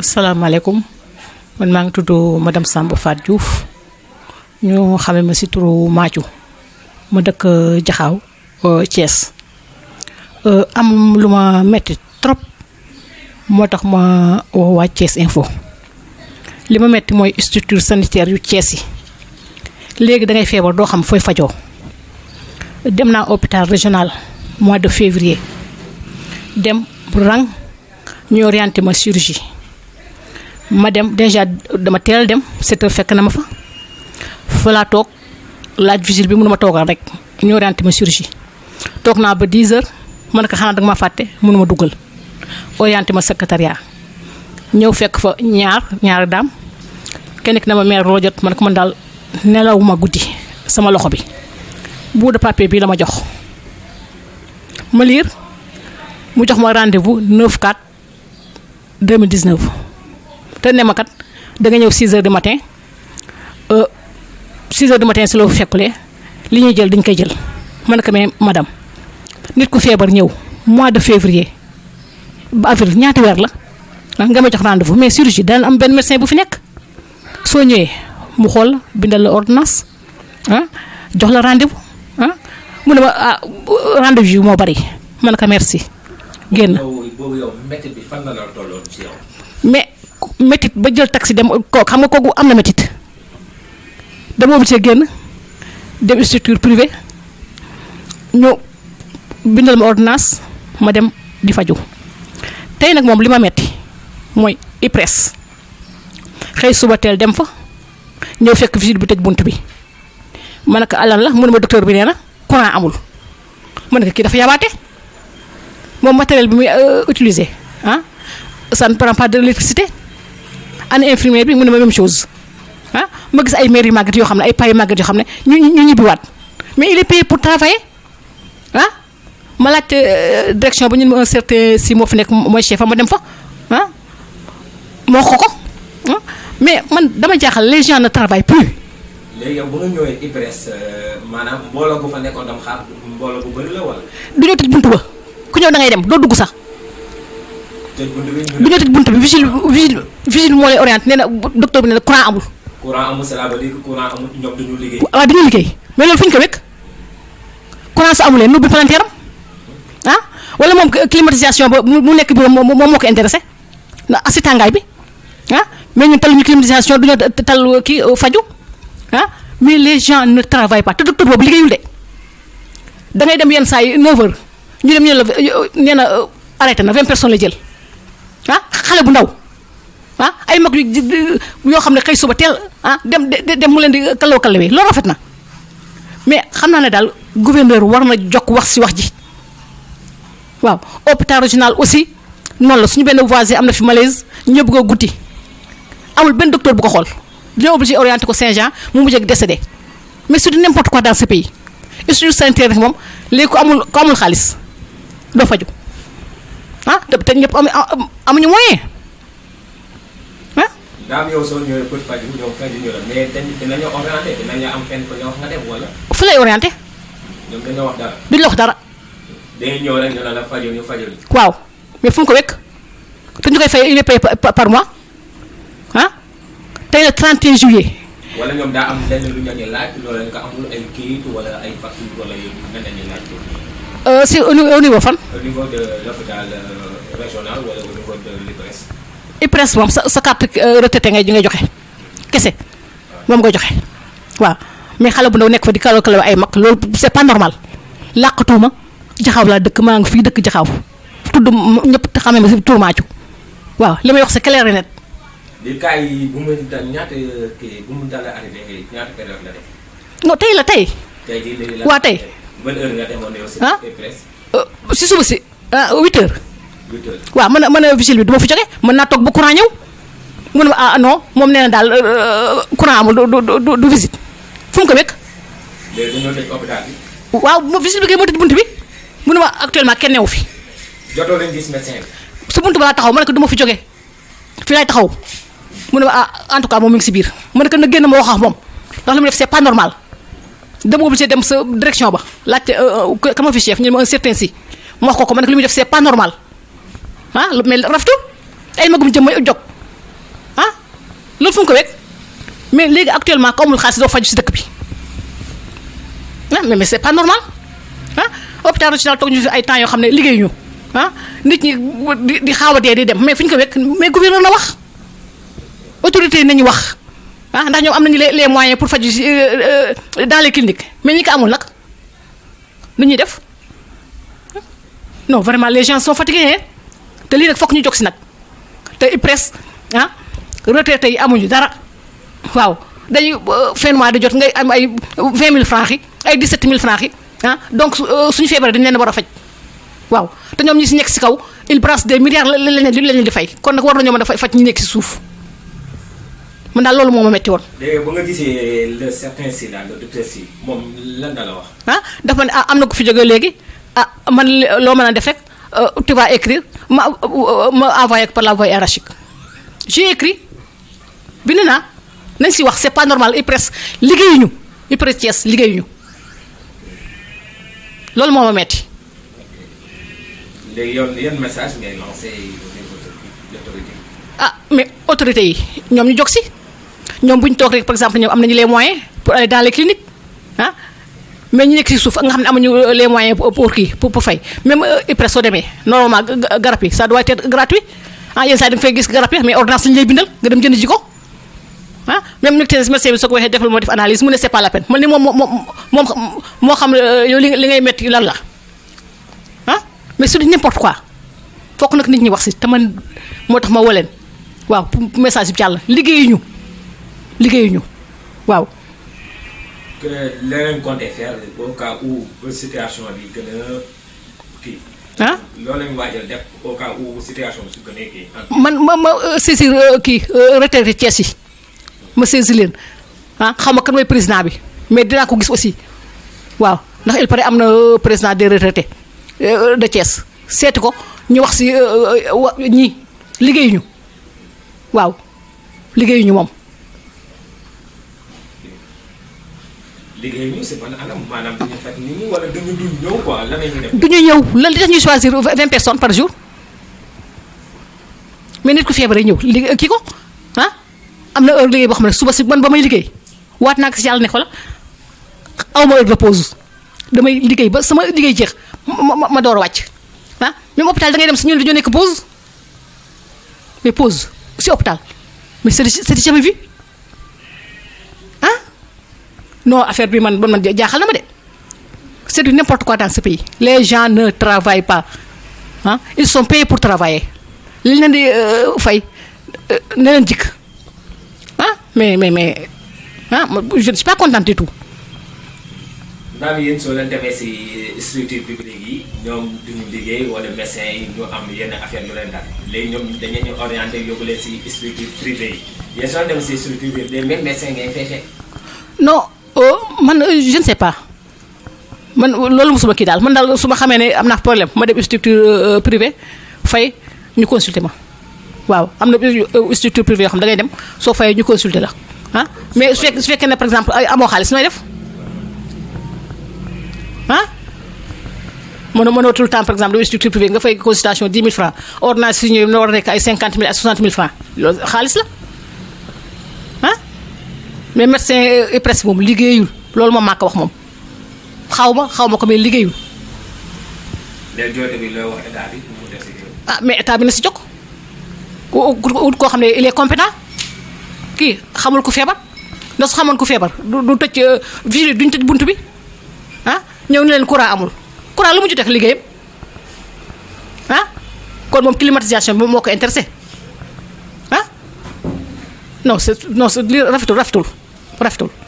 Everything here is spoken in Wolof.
asalaamaaleykum man maa ngi tudd madame Samba Fatou Diouf ñu xame ma si turu Mathiou ma dëkk jaxaw euh, Thiès euh, am lu ma metti trop moo tax ma woo waa Thiès info li ma metti mooy structure sanitaire yu Thiès yi léegi da ngay feebar doo xam fooy fajoo dem naa hôpital régional mois de février dem rang ñu orienté ma chirurgie ma dem déjà dama teel dem sept fekk na ma fa fa laa toog laaj vigile bi mënu ma toogal rek ñu orienté ma chirurgie toog naa ba 10 heures ma ne ko xanaa danga ma fàtte mënu ma duggal orienté ma secrétariat ñëw fekk fa ñaar ñaari daam kenn ki na ma meer loo jot man ko man daal nelawuma guddi sama loxo bi bout de papier bii la ma jox ma liir mu jox ma rendez-vous 9 4 2019 te ne danga ñëw 6 heures du matin 6 euh, heures du matin si la fekkule li ñuy jël dañ koy jël man ko mais madame nit ku feebar ñëw mois de février ba avril ñaati weer la ah, nga ma jox rendez-vous mais chirurgie daan am benn médecin bu fi nekk soo ñëwee mu xool bindal la ordonnance ah jox la rendez-vous ah mu ne ma ah moo bari man ko merci. génn métit ba jël taxi dem kooku xam nga kooku am na métit dama obligé génn dem structure privée ñu bindal ma ordonnance ma dem di faju tey nag moom li ma metti mooy IPRES xëy suba teel dem fa ñëw fekk visite bi tëj bunt bi ma ne ko alal la mu ma docteur bi nee na courant amul ma ne ko kii dafa yabaate moom matériel bi muy euh, utiliser ah ça ne prend pas de l'électricité ana infirmière bi mu ne ma même chose ah ma gis ay mères yu yoo xam ne ay paa yu màggat yoo xam ne ñu ñu ñibbiwaat mais il est payé pour travailler ah, ma laajte euh, direction ba ñu ne ma si moo fi nekk mooy chef ma dem fa ah moo ko ko ah, mais man dama jaaxal les gens ne travaillent plus. léegi yow bu ñëwee IPRES euh, maanaam mbooloo bu fa nekkoon dam xaar mbooloo bu bëri la wala. du ñëw tëj buntu ba ku ñëw da ngay dem doo dugg sax. bi ñu tëj bunt bi vigile vigile vigile moo lay orienté nee na bi nee courant amul. courant amul liggéey. waaw dañu fu ko wekk courant su amulee nubbi palanteeram ah wala moom climatisation ba mu nekk bi moom moo ko intéressé na asi tàngaay bi ah mais ñun taluñu climatisation duñu tal kii euh, faju ah mais les gens ne travaillent pas te docteur boobu liggéeyul de da ngay dem yenn saa yi 9h ñu dem ñu la nee na euh, arrêté na 20 personnes la jël. xale bu ndaw ah ay mag yu yoo xam ne xëy suba teel ah, dem dem dem mu leen di kalaw kalawee loolu rafet na mais xam naa ne daal gouverneur war na jokk wax si wax ji waaw hôpital régional aussi noonu la suñu benn voisin am na fi malaise ñëpp ko guddi amul benn docteur bu ko xool dañoo obligé orienté ko Saint-Jean mu mujj décédé mais c'est du n'importe quoi dans ce pays institut sanitaire moom léegi ko amul ko amul xaalis doo faju ah te te am amu amuñu moyen ah. naam yow soo ñëwee pour faju ñoom faju ñu la mais dinañu orienté dinañu am fenn ko ñu wax nga dem wala. fu lay orienté. ñoom dañoo wax dara. duñ la wax dara. dañuy ñëw rek ñu ne la faju ñu faju waaw mais fu mu ko wekk te ñu koy fay il est par mois ah tey la 31 juillet. wala ñoom daa am lenn lu ñu laaj loolu la ñu ko amul ay kayit wala ay facture wala yëpp nga leen di laaj Euh, si au niveau fan. au niveau de l'hôpital euh, régional wala au niveau de l'IPRES. IPRES moom sa sa carte euh, retraité ngay ngay joxe kese moom nga joxe waaw mais xale bu ndaw nekk fa di kàlla kàlla ay mag loolu c'est pas normal làqatuma jaxaw laa dëkk maa ngi fii dëkk jaxaw tudd ñëpp te xamee ma si tuumaaju waaw li may wax c'est clair et net. bi cas yi bu mu dal ñaata kii bu mu dal arrivé ñaata période la def. non tey la tey. tey jii la waaw tey. ban heure nga euh, si suba si euh, huit heures. huit heures waaw man man euh, vigile bi du ma fi mën naa toog ba courant ñëw mu ne ah non moom nee daal courant amul du du du visite fu mu ko wekk. léegi dañoo bi. waaw moom bi kay moo tëj bunt bi mu ne ma actuellement kenn new fi. su bunt balaa taxaw ma ne ko du ma fi jógee fi laay taxaw mu ne ma ah en tout cas moom mi ngi si biir ma ne ko na génn ma wax ak moom ndax li mu def c'est pas normal. dama obligé dem sa direction ba laajte kama fi chef ñu ne ma si mu wax ko ko ma ne lu li muy def c'est pas normal ah mais raftu ay magum jëm may jog ah loolu fu ko wekk mais léegi actuellement ko amul xaalis doo faju si dëkk bi ah mais mais c'est pas normal ah hôpital national toog ñu fi ay temps yoo xam ne liggéey ñu ah nit ñi di xaaw a dee di dem mais fuñ ko wekk mais gouverneur na wax autorité yi nañu wax. ah ndax ñoom am nañu les les moyens pour faju dans les cliniques mais ñi ko amul nag lu ñuy def non vraiment les gens sont fatigués te lii nag fokk ñu jóg si nag te IPRES ah retraités yi amuñu dara waaw dañuy fin mois di jot ngay am ay vingt mille francs yi ay dix-sept mille francs yi ah su suñu feebaree dañ leen war a faj waaw te ñoom ñi si nekk si kaw il brasse des milliards la la di fay kon nag war nañoo mën a faj ñi nekk si suuf. man daal loolu moo ma métti woon. léegi ba nga gisee le certain si daal le docteur si moom lan la la wax. ah dafa ne ah am na ku fi jógee léegi ah man loo mën a def rek euh, tu vas écrire ma euh, ma envoyé par la voie hiérarchique j'ai wax c'est pas normal IPRES liggéeyuñu IPRES Thiès liggéeyuñu loolu moo ma metti léegi yow yan message ngay lancé ah mais autorité yi ñoom ñu jóg si ñoom bu ñu toog rek par exemple ñoom am nañu les moyens pour aller dans les cliniques ah mais ñi nekk si suuf nga xam ne amuñu euh, les moyens pour kii pour pour fay même euh, soo demee normalement garab yi ça doit être gratuit ah yenn saa yi nga fay gis garab yi mais ordonnance lañu lay bindal nga dem jënd ji ko ah même nag tey médecin bi soo ko waxee defal moo def analyse mu ne c'est pas la peine man ni moom moom moom moo xam euh, yow li li ngay métti lan la ah mais su di n'importe quoi fokk nag nit ñi wax si te man moo tax ma woo leen waaw message bi jàll liggéeyuñu. liggéeyuñu waaw. que leneen compté a kii. kii. man ma ma euh, saisir euh, kii euh, retraité Thiès yi ma saisir leen ah xaw ma kan mooy président bi mais dinaa ko gis aussi waaw ndax il paraît am na président des retraités de Thiès seeti ko ñu wax si wa liggéeyuñu waaw liggéeyuñu moom. liggéey ñu si ban anam maanaam dañu fekk nit ñi wala dañu ñëw la ñuy def. du ñu ñëw lan li choisir vingt personnes par jour mais nit ku feebaree ñëw liggéey kii ko ah am na heure liggéey boo xam ne suba si man ba may liggéey waat naa ko si yàlla ne xoolal aw ma heure de pause damay liggéey ba sama liggéey jeex ma ma door a wàcc ah même hôpital da ngay dem si ñun dañoo nekk pause mais pause si hôpital mais c'est jamais vu. non affaire bi man man jaaxal na ma de c'est du n'importe quoi dans ce pays les gens ne travaillent pas ah ils sont payés pour travailler li leen di euh, fay euh, ne leen jikk ah mais mais mais ah je ne suis pas contente du tout. maanaam yéen soo leen demee si structure publique yi ñoom duñu liggéey wala médecin yi ñu am yenn affaire yu leen daal léegi ñoom dañu ñu orienté yóbbu leen si structure privée yi yéen soo demee si structure privée les mêmes médecins ngay man euh, je ne sais pas man euh, loolu mosuma kii daal man daal su ma xamee ne am naa problème ma dem structure euh, privée fay ñu consulter ma waaw am na structure privée yoo xam da ngay dem soo fayee ñu consulter la ah mais su fekkee su fekkee ne par exemple amoo xaalis nooy def ah. mënoo mënoo tout le temps par exemple structure privée nga fay consultation 10 000 francs ordonnance signé war a nekk ay 50 000 ak 60 000 francs xaalis la. mais médecin et presse moom liggéeyul loolu moom maa ko wax moom xaw ma xaw ma ko mais liggéeyul. ah mais état bi na si jokk ku koo xam ne il est compétent kii xamul ku feebar na su xamoon ku feebar du du tëj euh, vigile duñ tëj bunt bi ah, ñëw ni leen courant amul courant lu mu ci def liggéeyam ah kon moom kilimatisation bi moo ko intéressé ah non c'est non c'est li rafetul rafetul. rafetul.